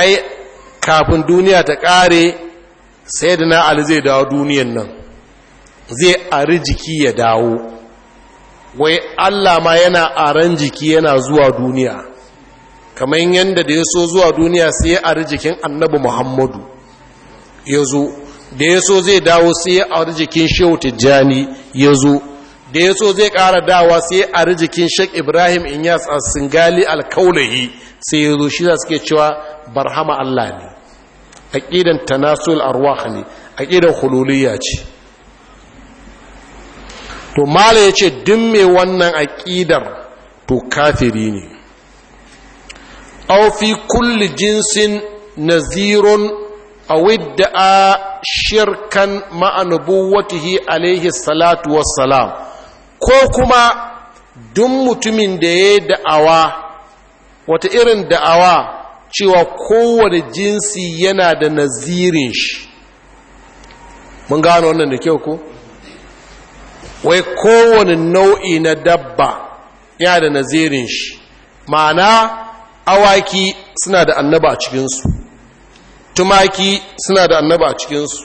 Speaker 1: ai kafin duniya ta kare sai da na ali zai dawo duniyan nan zai ari jiki ya dawo wai allah ma yana aran jiki yana zuwa duniya kamar yadda da ya so zuwa duniya sai ya ari jikin annabi muhammadu ya zo da ya so zai dawo sai ya ari jikin shehu tijjani ya zo da ya so zai ƙara dawa sai a rijikin shek ibrahim inyas a singali alkaulahi sai ya zo shi za suke cewa barhama allah ne A ƙidan tanasul arwah ne a ƙidan hululiya ce to mala ya ce din mai wannan aƙidar to kafiri ne aufi kulli jinsin nazirun awidda a shirkan ma'anubuwatihi alaihi salatu wassalam ko kuma duk mutumin da ya yi da'awa wata irin da'awa cewa kowane jinsi yana da nazirin shi mun gano wannan da kyau ko wai kowane nau'i na dabba yana da nazirin shi ma'ana awaki suna da annaba a cikinsu tumaki suna da annaba a cikinsu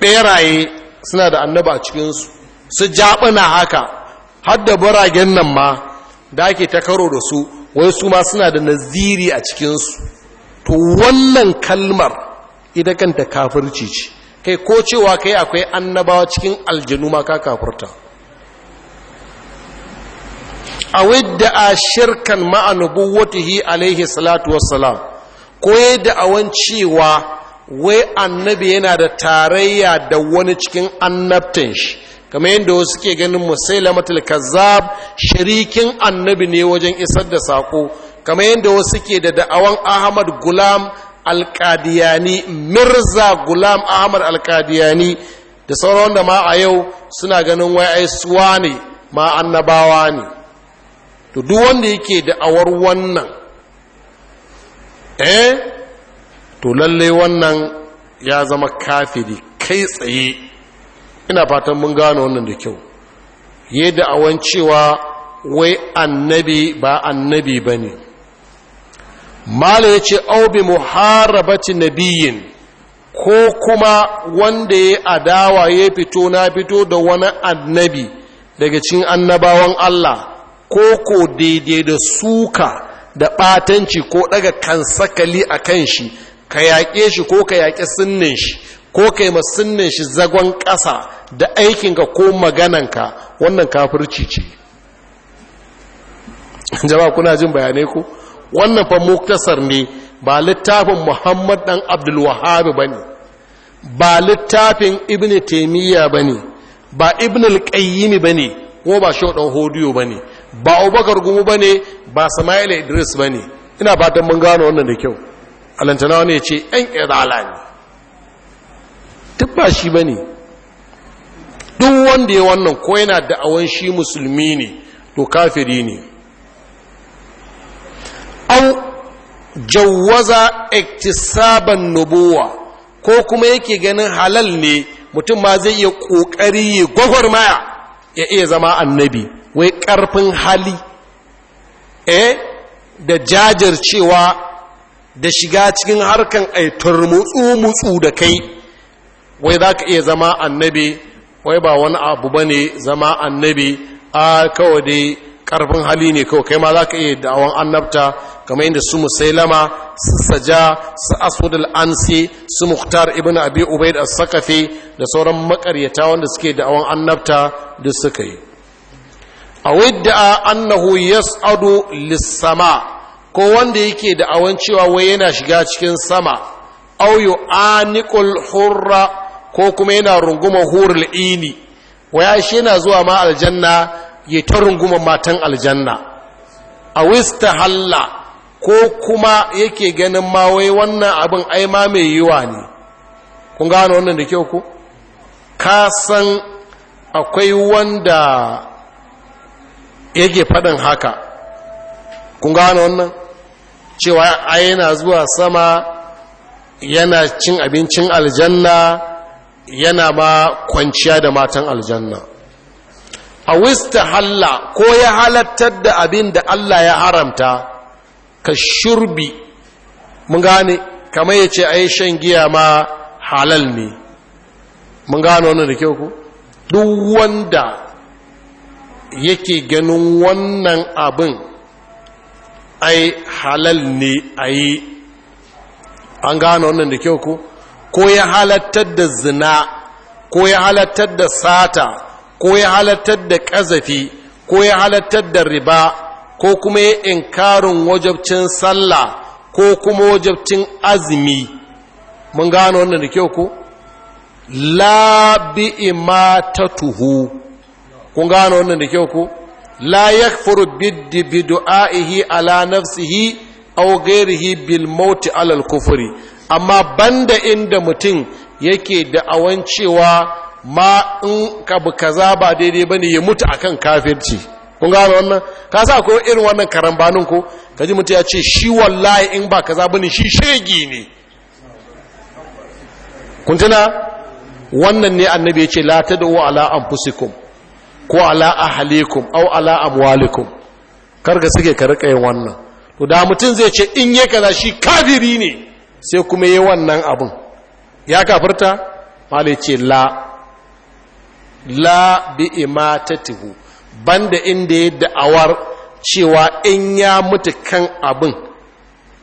Speaker 1: ɓeraye suna da annaba a cikinsu su jaɓuna haka har da baragen nan ma da ake ta karo da su wai su ma suna da naziri a cikinsu to wannan kalmar ita kanta kafirci ce kai ko cewa kai akwai annabawa cikin aljanu ma ka kafurta a wadda a shirkan ma'anubu watihi alaihi salatu wassalam ko yadda da cewa wai annabi yana da tarayya da wani cikin annabtan shi kamar yadda wasu ke ganin musailamatul kazzab shirikin annabi ne wajen isar da sako kamar yadda wasu ke da da'awan ahmad gulam alkadiyani mirza gulam ahmad alkadiyani da sauran da ma a yau suna ganin wai ai suwa ne ma annabawa ne to duk wanda yake da'awar wannan eh to lalle wannan ya zama kafiri kai tsaye ina fatan mun gano wannan da kyau yadda awan cewa wai annabi ba annabi ba ne mala ya ce aubi muharabati nabiyin ko kuma wanda ya adawa ya fito na fito da wani annabi daga cikin annabawan Allah ko ko daidai da suka da ɓatanci ko ɗaga kansakali a kan shi ka yaƙe shi ko ka yaƙe sunnin shi ko kai masinnin shi zagon ƙasa da aikinka ko magananka wannan kafirci ce jama kuna jin bayanai ku wannan fa muktasar ne ba littafin muhammad dan abdul wahhab bane ba littafin ibnu taymiya bane ba ibnu al-qayyim bane ko ba shodan hodiyo bane ba abubakar gumu bane ba Sama'il idris bane ina fatan mun gano wannan da kyau alantana wani ya ce yan izala ne duk ba shi ba ne duk wanda ya wannan ko yana da'awan shi musulmi ne to kafiri ne an jawaza iktisaban nubuwa ko kuma yake ganin halal ne mutum ma zai iya ƙoƙari ya gwagwarmaya ya iya zama annabi wai ƙarfin hali eh da jajircewa da shiga cikin harkan aitar mutsu-mutsu da kai wai za ka iya zama annabi wai ba wani abu ba ne zama annabi a kawai dai karfin hali ne kawai kai ma za ka iya da'awan annabta kamar yadda su musailama su saja su asud al'ansi su Muktar, ibn abi ubaid as-sakafi da sauran makaryata wanda suke da'awan annabta duk suka yi a wadda annahu yas'adu lis-sama ko wanda yake da'awan cewa wai yana shiga cikin sama aw yu'aniqul hurra ko kuma yana rungumar hurul ini waya shi yana zuwa ma aljanna ya ta rungumar matan aljanna a wista halla ko kuma yake ganin mawai wannan abin ai ma mai yiwa ne kun gano wannan da kyau ku ka san akwai wanda yake faɗin haka kun gano wannan cewa ai yana zuwa sama yana cin abincin aljanna yana ma kwanciya da matan aljanna a wista halla ko ya halattar da abin da Allah ya haramta ka shurbi mun gane kamar ya ce ai shan giya ma halal ne mun gane wannan da kyau ku duk wanda yake ganin wannan abin ai halal ne a an gane wannan da kyau ku ko ya halattar da zina ko ya halattar da sata ko ya halattar da ƙazafi ko ya halattar da riba ko kuma ya inkarin wajabcin sallah ko kuma wajabcin azumi mun gano wannan da kyau ko la bi imatatuhu kun gano wannan da kyau ko la yakfuru biddi bi du'aihi ala nafsihi aw ghairihi bil mauti alal al kufri amma banda inda mutum yake da cewa ma in kabu kaza ba daidai bane ya mutu akan kafirci kun gano wannan ka sa ko irin wannan karambanin ko kaji mutum ya ce shi wallahi in ba kaza bane shi shegi ne kun tuna wannan ne annabi ya ce la tad'u ala anfusikum ko ala ahlikum aw ala amwalikum karga suke ka wannan to da mutum zai ce in yake kaza shi kafiri ne sai kuma yi wannan abin ya kafarta? malai ce la la bi imatatihu banda inda ya da'awar cewa in ya mutu kan abin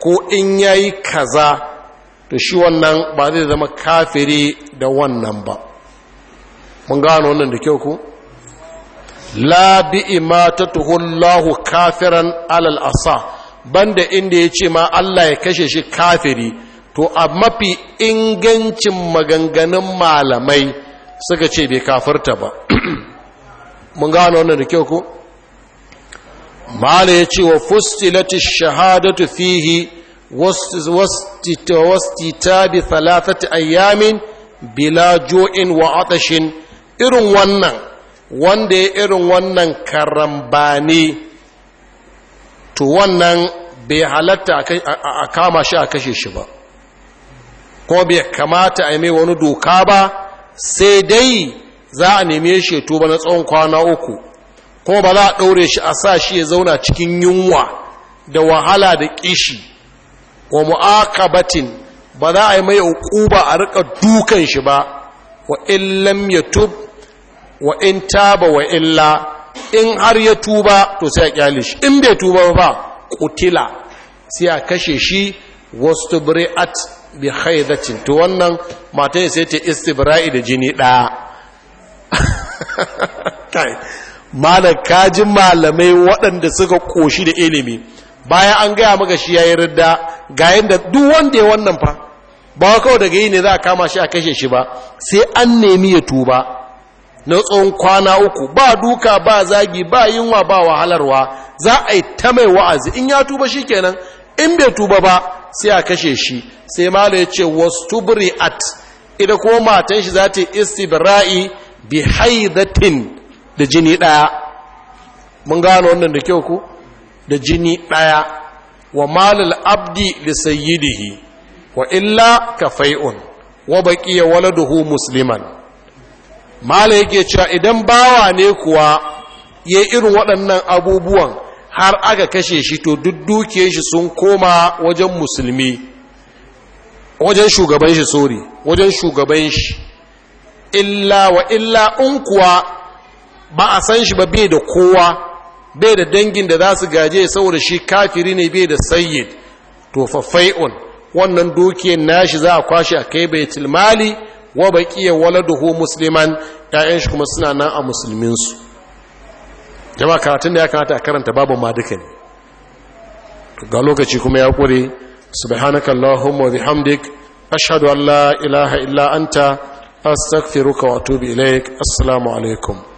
Speaker 1: ko in ya yi kaza to shi wannan ba zai zama kafiri da wannan ba mun gano wannan da kyau ku la bi imatatuhu lahu kafiran alal asa banda inda ya ce ma Allah ya kashe shi kafiri to a mafi ingancin maganganun malamai suka ce bai kafarta ba mun gano wannan da kyau ko mala ya ce wa fustilati shahadatu fihi ta bi thalathati ayyamin bila jo'in wa atashin irin wannan wanda ya irin wannan karambani to wannan bai halatta a kama shi a kashe shi ba ko bai kamata a mai wani doka ba sai dai za a neme shi ya tuba na tsawon kwana uku ko ba za a ɗaure shi a sa shi ya zauna cikin yunwa da wahala da ƙishi wa mu'aqabatin ba za a yi mai uquba a rika dukan shi ba wa in lam yatub wa in taba wa illa in har ya tuba to sai a kyale shi in bai tuba ba kutila sai a kashe shi wastubri'at bi haizacin to wannan matan sai ta istibra'i da jini ɗaya malam kajin malamai waɗanda suka ƙoshi da ilimi bayan an gaya maka shi ya yi ridda ga yadda duk wanda ya wannan fa ba kawai daga yi ne za a kama shi a kashe shi ba sai an nemi ya tuba na tsohon kwana uku ba duka ba zagi ba yunwa ba wahalarwa za a yi ta mai wa'azi in ya tuba shi kenan in bai tuba ba sai a kashe shi sai malo ya ce tubri at ita ko matan shi za ta istibra'i bi haidatin da jini ɗaya mun gano wannan da kyau ku da jini ɗaya wa malal abdi li sayyidihi wa illa ka fai'un. wa baqiya waladuhu musliman mala yake cewa idan bawa ne kuwa yayi irin waɗannan abubuwan har aka kashe shi to duk dukiyar shi sun koma wajen musulmi wajen shugaban shi sori wajen shugaban shi illa wa illa in kuwa ba a san shi ba bai da kowa bai da dangin da za su gaje saboda shi kafiri ne bai da sayyid to fa fa'un wannan dukiyar nashi za a kwashi a kai baitul mali wa baqiya waladuhu musliman 'ya'yan shi kuma suna nan a musulminsu jama karatun da ya kamata a karanta babu ma duka ne ga lokaci kuma ya kure subhanaka allahumma wa bihamdik ashhadu an la ilaha illa anta astaghfiruka wa atubu ilaik assalamu alaikum